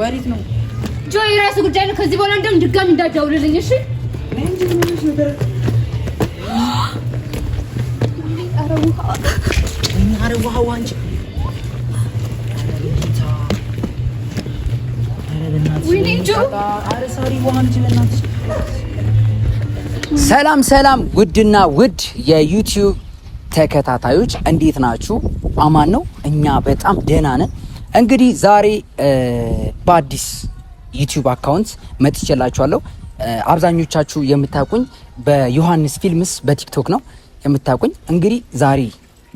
ወሪት ነው ጆ የራሱ ጉዳይ ነው። ከዚህ በኋላ እንደውም ድጋሚ እንዳትደውልልኝ እሺ። ሰላም ሰላም፣ ውድና ውድ የዩቲዩብ ተከታታዮች እንዴት ናችሁ? አማን ነው። እኛ በጣም ደህና ነን። እንግዲህ ዛሬ በአዲስ ዩቲዩብ አካውንት መጥቼላችኋለሁ። አብዛኞቻችሁ የምታውቁኝ በዮሐንስ ፊልምስ በቲክቶክ ነው የምታውቁኝ። እንግዲህ ዛሬ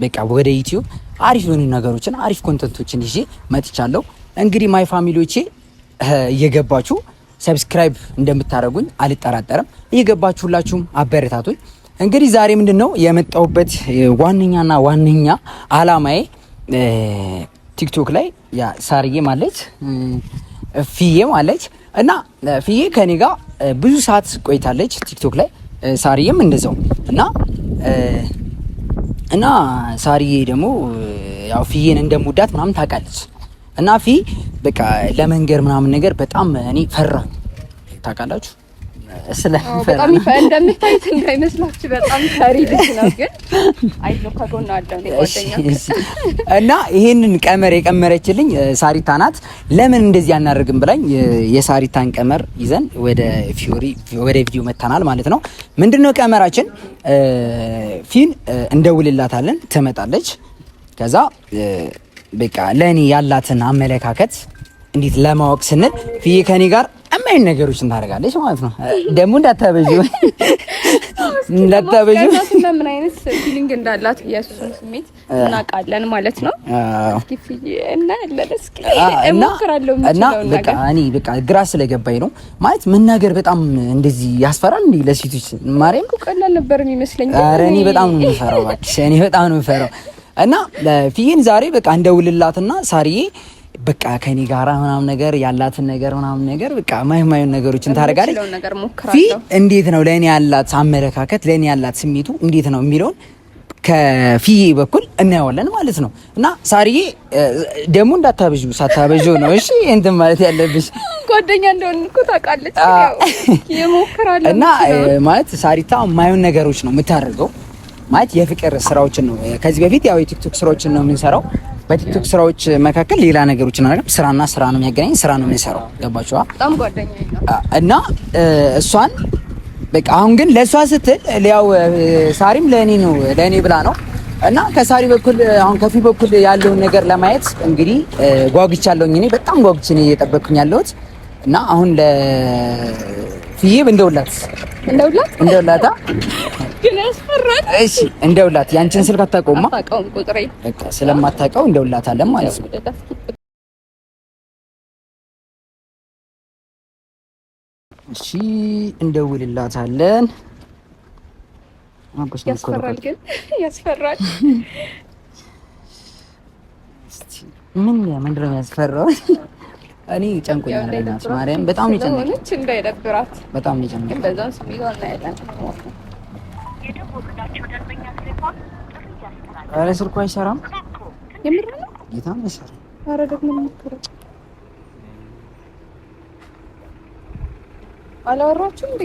በቃ ወደ ዩቲዩብ አሪፍ የሆኑ ነገሮችን አሪፍ ኮንተንቶችን ይዤ መጥቻለሁ። እንግዲህ ማይ ፋሚሊዎቼ እየገባችሁ ሰብስክራይብ እንደምታደርጉኝ አልጠራጠርም። እየገባችሁ ሁላችሁም አበረታቱኝ። እንግዲህ ዛሬ ምንድን ነው የመጣሁበት ዋነኛና ዋነኛ አላማዬ ቲክቶክ ላይ ሳርዬ ማለች ፍዬ ማለች እና ፍዬ ከኔ ጋር ብዙ ሰዓት ቆይታለች ቲክቶክ ላይ ሳርዬም እንደዛው እና እና ሳርዬ ደግሞ ያው ፊዬን እንደምወዳት ምናምን ታውቃለች። እና ፊ በቃ ለመንገር ምናምን ነገር በጣም እኔ ፈራሁ ታውቃላችሁ። ስለምፈራ እንደምታዩት እንዳይመስላችሁ በጣም ፈሪ ልጅ ነው፣ ግን አይዞህ ከጎን አለው እና ይሄንን ቀመር የቀመረችልኝ ሳሪታ ናት። ለምን እንደዚህ አናደርግም ብላኝ የሳሪታን ቀመር ይዘን ወደ ፊዮሪ ወደ ቪዲዮ መጥተናል ማለት ነው። ምንድነው ቀመራችን? ፊን እንደውልላታለን፣ ትመጣለች። ከዛ በቃ ለእኔ ያላትን አመለካከት እንዴት ለማወቅ ስንል ፊዬ ከኔ ጋር እማይን ነገሮች እናደርጋለች ማለት ነው። ደግሞ እንዳታበዩ እንዳታበዩ ምን አይነት ፊሊንግ እንዳላት የእሱን ስሜት እናውቃለን ማለት ነው። እና በቃ እኔ በቃ ግራ ስለገባኝ ነው ማለት መናገር በጣም እንደዚህ ያስፈራል እንዴ ለሴቶች? ማርያም ቀላል ነበር የሚመስለኝ። ኧረ እኔ በጣም ነው የምፈራው፣ እባክሽ እኔ በጣም ነው የምፈራው። እና ፊዬን ዛሬ በቃ እንደውልላትና ሳሪዬ በቃ ከኔ ጋራ ምናምን ነገር ያላትን ነገር ምናምን ነገር በቃ ማይማዩን ነገሮችን ታደርጋለች። እንዴት ነው ለእኔ ያላት አመለካከት ለእኔ ያላት ስሜቱ እንዴት ነው የሚለውን ከፊ በኩል እናየዋለን ማለት ነው። እና ሳርዬ ደግሞ እንዳታበዥ ሳታበዥ ነው እሺ፣ እንትን ማለት ያለብሽ ጓደኛ እንደሆን እኮ ታውቃለች እና ማለት ሳሪታ ማየን ነገሮች ነው የምታደርገው ማለት የፍቅር ስራዎችን ነው። ከዚህ በፊት ያው የቲክቶክ ስራዎችን ነው የምንሰራው። በቲክቶክ ስራዎች መካከል ሌላ ነገሮችን አናደርግም። ስራና ስራ ነው የሚያገናኝ፣ ስራ ነው የምንሰራው። ገባችኋ? እና እሷን በቃ አሁን ግን ለእሷ ስትል ያው ሳሪም ለእኔ ነው ለእኔ ብላ ነው እና ከሳሪ በኩል አሁን ከፊ በኩል ያለውን ነገር ለማየት እንግዲህ ጓጉቻለሁኝ። እኔ በጣም ጓጉች ነው እየጠበቅኩኝ ያለሁት እና አሁን ይሄ እንደውላት እንደውላት እንደውላታ እሺ እንደውላት ያንቺን ስልክ አታውቀውማ። በቃ ስለማታውቀው እንደውላት አለ ማለት ነው። እሺ እንደውልላት አለን። ያስፈራል፣ ግን ያስፈራል። ምን ምንድን ነው የሚያስፈራው? እኔ ጨንቆኛል። አይደለም ማርያም በጣም ነው ጨንቆኛል። እንዳይደብራት በጣም ነው ጨንቆኛል። በዛም ስሜት ዋና ያለን ኧረ ስልኩ አይሰራም። የምር ነው ጌታ አይሰራም። ኧረ ደግሞ እንሞክረው። አላወራችሁም እንዴ?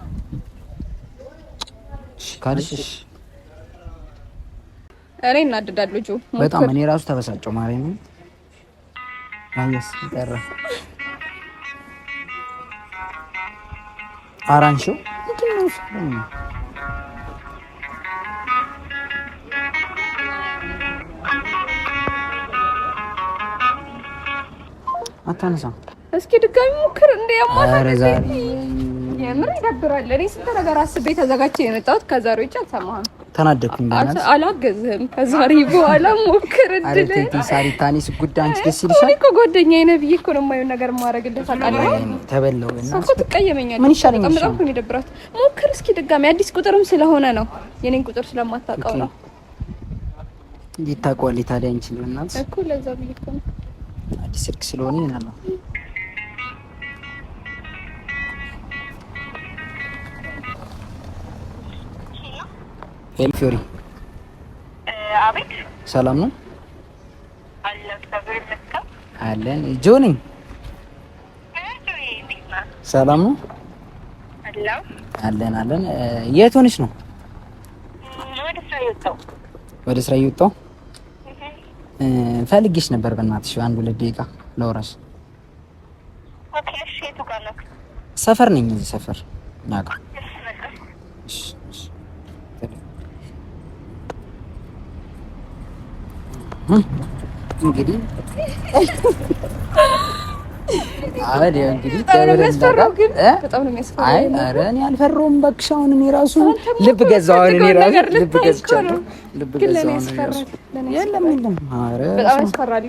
ካልሽሽ እኔ እናድዳለሁ። ጆ በጣም እኔ ራሱ ተበሳጨው ማርያም አየስ ቀረ አራንሺው አታነሳ። እስኪ ድጋሚ ሙክር እንደ ያማታ የምር ይደብራል። እኔ ስንት ነገር አስቤ ተዘጋጅቼ የመጣሁት ከዛሬ ውጭ አልሰማህም። ተናደኩኝ። አላገዝህም። ከዛሬ በኋላ ሞክር። እድልሳሪታኒስ አንቺ ደስ ይልሻል እኮ ጓደኛዬ ነህ ብዬሽ እኮ ነው የማየውን ነገር ማድረግልህ ታውቃለህ። ተበላሁና እኮ ትቀየመኛለህ። ምን ይሻለኝ? በጣም ነው የሚደብራት። ሞክር እስኪ ድጋሚ። አዲስ ቁጥርም ስለሆነ ነው የኔን ቁጥር ስለማታውቀው ነው። እንዴት ታውቀዋለህ ታዲያ? አንቺ ልሆናት እኮ ለዛ ብዬሽ እኮ ነው። አዲስ ስልክ ስለሆነ ይሆናል። ወይም ፊዮሪ አቤት፣ ሰላም ነው አለን። ጆ ነኝ። ሰላም ነው አለን ጆኒ ሰላም ነው አለን አለን የት ሆነሽ ነው? ወደ ስራ እየወጣሁ ፈልጌሽ ነበር። በእናትሽ አንድ ሁለት ደቂቃ ለወራሽ ሰፈር ነኝ እዚህ ሰፈር ናቃ እንግዲህ አበድ እንግዲህ ኧረ እኔ አልፈራሁም። እባክሽ አሁን እኔ እራሱ ልብ ገዛሁ። አሁን እኔ እራሱ ልብ ገዛሁ። በጣም ያስፈራል።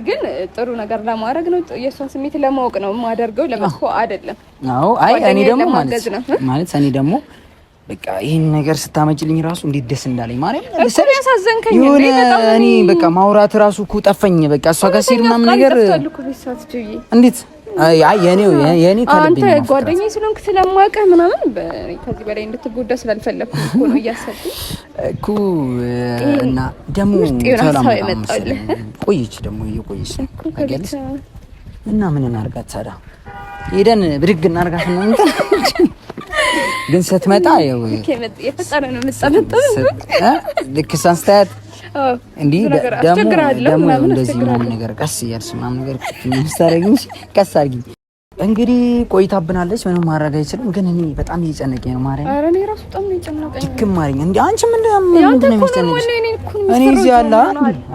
ግን ጥሩ ነገር ለማድረግ ነው፣ የእሷን ስሜት ለማወቅ ነው የማደርገው፣ ለመጥፎ አይደለም። አዎ አይ እኔ ደግሞ ማለት እኔ ደግሞ በቃ ይህን ነገር ስታመጭልኝ ራሱ እንዴት ደስ እንዳለኝ ማርያም ያሳዘንከኝ። እኔ በቃ ማውራት ራሱ እኮ ጠፈኝ። በቃ እሷ ጋር ሲሄድ ምናምን ነገር እንዴት የኔ አንተ ጓደኛዬ ስለሆንክ ስለማውቅህ ምናምን ከዚህ በላይ እንድትጎዳ ስላልፈለግኩ እኮ ነው እያሰብኩኝ እኮ እና ደግሞ ሰላም ቆየች ደግሞ እየቆየች እና ምን እናርጋት ታዲያ ሄደን ብድግ እናርጋት ነው እንትን ግን ስትመጣ ልክ እሷን ስታያት እንዲህ ደግሞ እንደዚህ ምናምን ነገር ቀስ እያልሽ ምናምን ነገር ቀስ አድርጊ። እንግዲህ ቆይታብናለች፣ ምንም ማድረግ አይችልም። ግን እኔ በጣም እየጨነቀኝ ነው ማርያም። ኧረ እኔ እራሱ በጣም እየጨነቀኝ ነው ማርያም። እንደ አንቺ ምን ምንድን እኔ እዚህ ያለ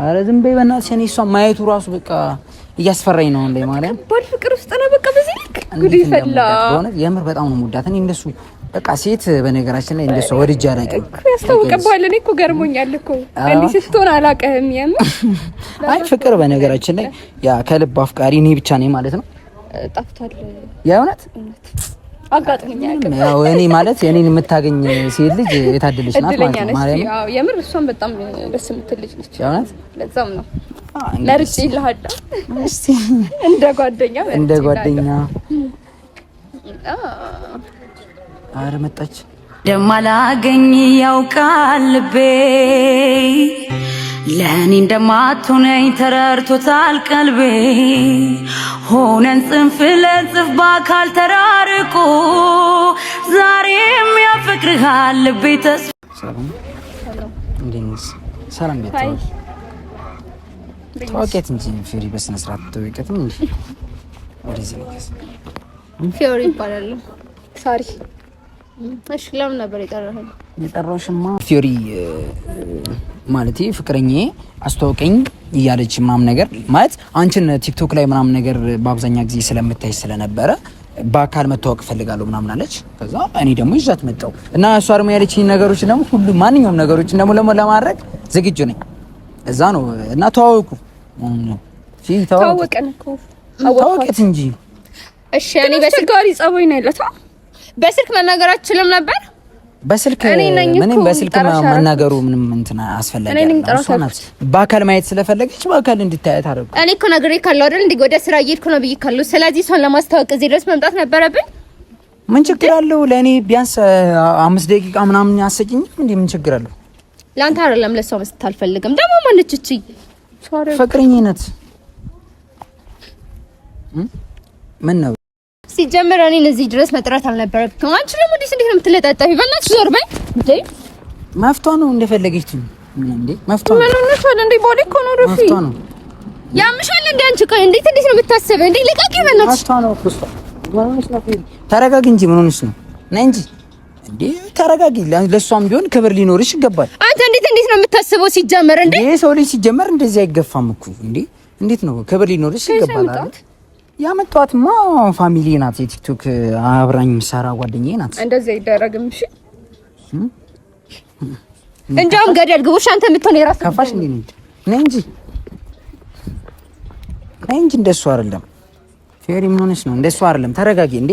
ኧረ ዝም በይ በእናትሽ። እኔ እሷ ማየቱ ራሱ በቃ እያስፈራኝ ነው እንደ ማርያም። ባል ፍቅር ውስጥ ነው በቃ በዚህ ልክ ጉድ ይፈላ። የምር በጣም ነው የምወዳት እኔ እንደሱ በቃ ሴት በነገራችን ላይ እንደሷ ወድጄ አላውቅም። ያስታውቅባል። እኔ እኮ ገርሞኛል እኮ እንዲህ ስትሆን አላውቅም። አይ ፍቅር በነገራችን ላይ ያ ከልብ አፍቃሪ እኔ ብቻ ነኝ ማለት ነው። ጠፍቷል። የእውነት አጋጥሞኛል። ያው እኔ ማለት እኔን የምታገኝ ሴት ልጅ የታደለች ናት ማለት ነው። አዎ የምር እሷን በጣም ደስ የምትል ልጅ ነች። የእውነት ለዛም ነው ለርጭ ይልሃል እንደ ጓደኛ እንደ ጓደኛ አረ መጣች ደማ ላገኝ ያውቃል ልቤ ለእኔ እንደማትሆነኝ ተረርቶታል ቀልቤ ሆነን ጽንፍ ለጽፍ በአካል ተራርቆ ዛሬም ያፈቅርሃል ልቤ ተስፋ ሰላም ቤት ታወቂያት እንጂ ፊዮሪ በስነ ስርዓት ተወቂያትም እንዲ ወደዚህ ፊዮሪ ይባላል ሳሪ እሺ ለምን ነበር የጠራኸኝ? የጠራሽማ ፊዮሪ ማለት ፍቅረኛዬ አስተዋውቀኝ እያለች ምናምን ነገር ማለት አንቺን ቲክቶክ ላይ ምናምን ነገር በአብዛኛ ጊዜ ስለምታይ ስለነበረ በአካል መታወቅ እፈልጋለሁ ምናምን አለች። ከዛ እኔ ደግሞ ይዣት መጣሁ እና እሷ ደግሞ ያለችኝ ነገሮች ደግሞ ሁሉ ማንኛውም ነገሮችን ደግሞ ለማድረግ ዝግጁ ነኝ። እዛ ነው እና ተዋወቁ ተዋወቅን ተዋወቅት እንጂ እሺ እኔ በስልክ ጸባይ ነው ያለት በስልክ መናገር አትችልም ነበር? በስልክ ምንም በስልክ መናገሩ ምንም እንትን አስፈላጊ በአካል ማየት ስለፈለገች በአካል እንድታያት አደረጉ። እኔ እኮ ነግሬ ካለው አይደል እንዴ ወደ ስራ እየሄድኩ ነው ብዬ ካለው። ስለዚህ እሷን ለማስታወቅ እዚህ ድረስ መምጣት ነበረብን። ምን ችግር አለው? ለእኔ ቢያንስ አምስት ደቂቃ ምናምን ያሰጭኝ እንዴ? ምን ችግር አለው? ለአንተ አይደለም ለእሷ መስጠት አልፈልግም። ደግሞ ማነች እቺ ፍቅረኝነት ምን ነው? ሲጀምር እኔን እዚህ ድረስ መጥራት አልነበረብኝም። አንቺ ደግሞ እንዴት እንዴት ነው የምትለጣጣፊ? በእናትሽ ዞር በይ እንዴ! መፍቷ ነው እንደፈለገች እንዴ! መፍቷ ነው እንዴ! ቦሌ እኮ ነው ሩፊ፣ ያምሻል አንቺ እንዴት እንዴት ነው እንዴ! ነው እኮ እንጂ ምን ነው? እንጂ እንዴ! ቢሆን ክብር ሊኖርሽ ይገባል። አንተ እንዴት እንዴት ነው የምታስበው? ሲጀመር እንዴ! ሰው ልጅ ሲጀመር እንደዚህ አይገፋም እኮ እንዴ! እንዴት ነው ክብር ሊኖርሽ ይገባል አይደል? ያመጣኋት ማ ፋሚሊ ናት። የቲክቶክ አብራኝ ምሰራ ጓደኛዬ ናት። እንደዚህ አይደረግም። እሺ እንጃም ገደል ግቡ። አንተ የምትሆን የራስ ከፋሽ እንዴ ነኝ ነኝ እንጂ ነኝ እንጂ እንደሱ አይደለም። ፌሪ ምን ሆነሽ ነው? እንደሱ አይደለም። ተረጋጊ እንዴ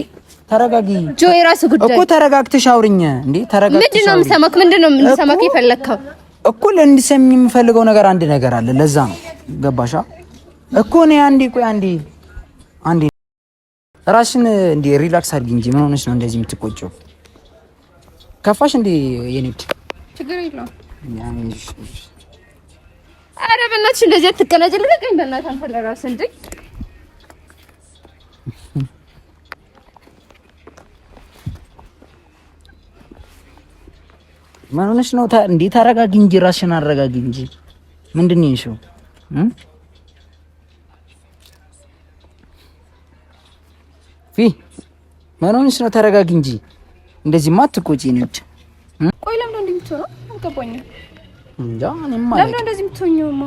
ተረጋጊ ጆ፣ የራስ ጉዳይ እኮ ተረጋግተሽ አውሪኝ እንዴ። ተረጋግተሽ ምንድን ነው የምሰማክ? ምንድን ነው የምሰማክ? የፈለግከው እኮ እንድሰሚ የምፈልገው ነገር አንድ ነገር አለ። ለዛ ነው ገባሻ እኮ ነው። አንዴ ቆይ አንዴ አንዴ ራስሽን እንደ ሪላክስ አድርጊ እንጂ ምን ሆነሽ ነው እንደዚህ የምትቆጪው? ከፋሽ እንዴ? የኔ ችግር የለውም። ኧረ በእናትሽ እንደዚህ አትቀላጭ። ልቀቀኝ በእናትህ አንተ ለራስህ እንዴ ምን ሆነሽ ነው እንዴ? ታረጋጊ እንጂ ራስሽን አረጋጊ እንጂ ምንድን ነው ፊ ምን ሆንሽ ነው? ተረጋግ እንጂ እንደዚህ ማትቆጪ አትቆጪ። ነው ብቻ ቆይ፣ ለምን እንደዚህ የምትሆነው አልገባኝም። እንጃ ማለት ለምን እንደዚህ የምትሆኝውማ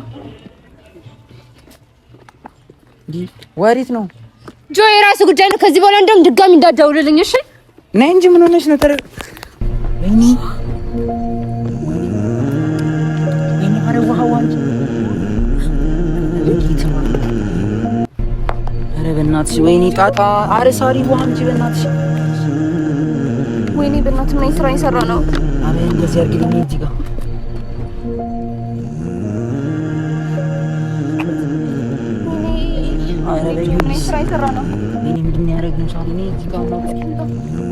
ወሪት ነው ጆ፣ የራሱ ጉዳይ ነው። ከዚህ በኋላ እንደውም ድጋሚ እንዳትደውልልኝ እሺ። ነይ እንጂ ምን ሆነሽ ነው? ተረጋግ ተረጋጊ በእናትሽ ወይኔ ጣጣ። አረ ሳሪ ውሃ እንጂ በእናትሽ ወይኔ በእናትሽ ምን ስራ እየሰራ ነው? አረ እንደዚህ አርግልኝ እዚህ ጋር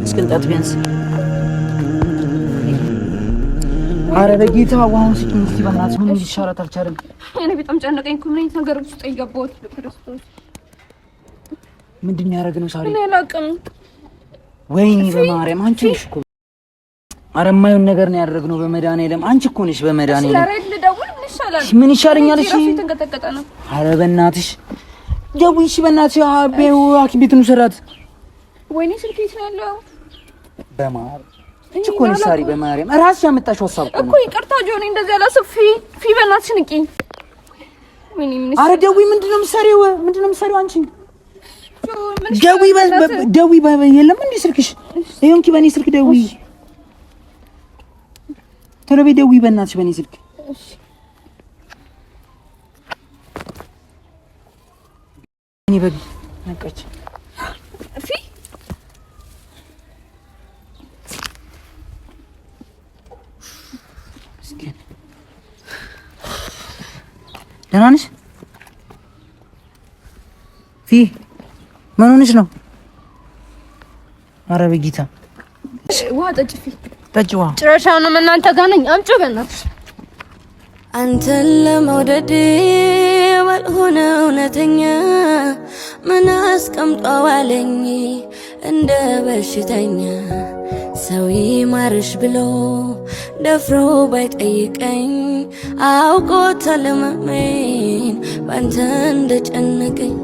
እስቅንጣት ቢያንስ አረ በጌታ ዋሁን ስኪን እስኪ በእናትሽ ምን ይሻላት? አልቻለም። በጣም ጨነቀኝ እኮ ምን አይነት ነገር ውስጥ የገባሁት ክርስቶስ ምንድን ያደረግ ነው ሳሪ እኔ አላውቅም። ወይኔ በማርያም አንቺ ነሽ እኮ። ኧረ የማይሆን ነገር ነው ያደረግ ያደረግነው። በመድኃኒዓለም አንቺ እኮ ነሽ። በመድኃኒዓለም ምን ይሻለኛል? እሺ አረ በእናትሽ ደውዪ፣ እሺ በእናትሽ አቤው ሐኪም ቤት ውሰዳት። ወይኔ ስልክ የት ነው ያለው? በማርያም አንቺ እኮ ነሽ ሳሪ። በማርያም እራስሽ ያመጣሽው ሀሳብ እኮ ነው። ይቅርታ ጆኒ፣ እንደዚህ አላሰብኩ። ፊ ፊ በእናትሽ ንቂ። አረ ደውዪ። ምንድን ነው የምትሰሪው? ምንድን ነው የምትሰሪው አንቺ ደዊ ደዊ የለም እንዴ ስልክሽ? ይሁንኪ በኔ ስልክ ደዊ ቶሎ በይ ደዊ በእናትሽ በኔ ስልክ እኔ በግ ነቀች ፊ ደህና ነሽ ፊ ምን ሆነሽ ነው? አረ በጌታ ውሃ ጠጪ፣ ጠጪ ውሃ። ጭራሻውንም እናንተ ጋር ነኝ። አምጪው በእናትሽ። አንተን ለመውደድ ያልሆነ እውነተኛ ምን አስቀምጧዋለኝ እንደ በሽተኛ ሰው ይማርሽ ብሎ ደፍሮ ባይጠይቀኝ አውቆ ተለመመኝ ባንተ እንደጨነቀኝ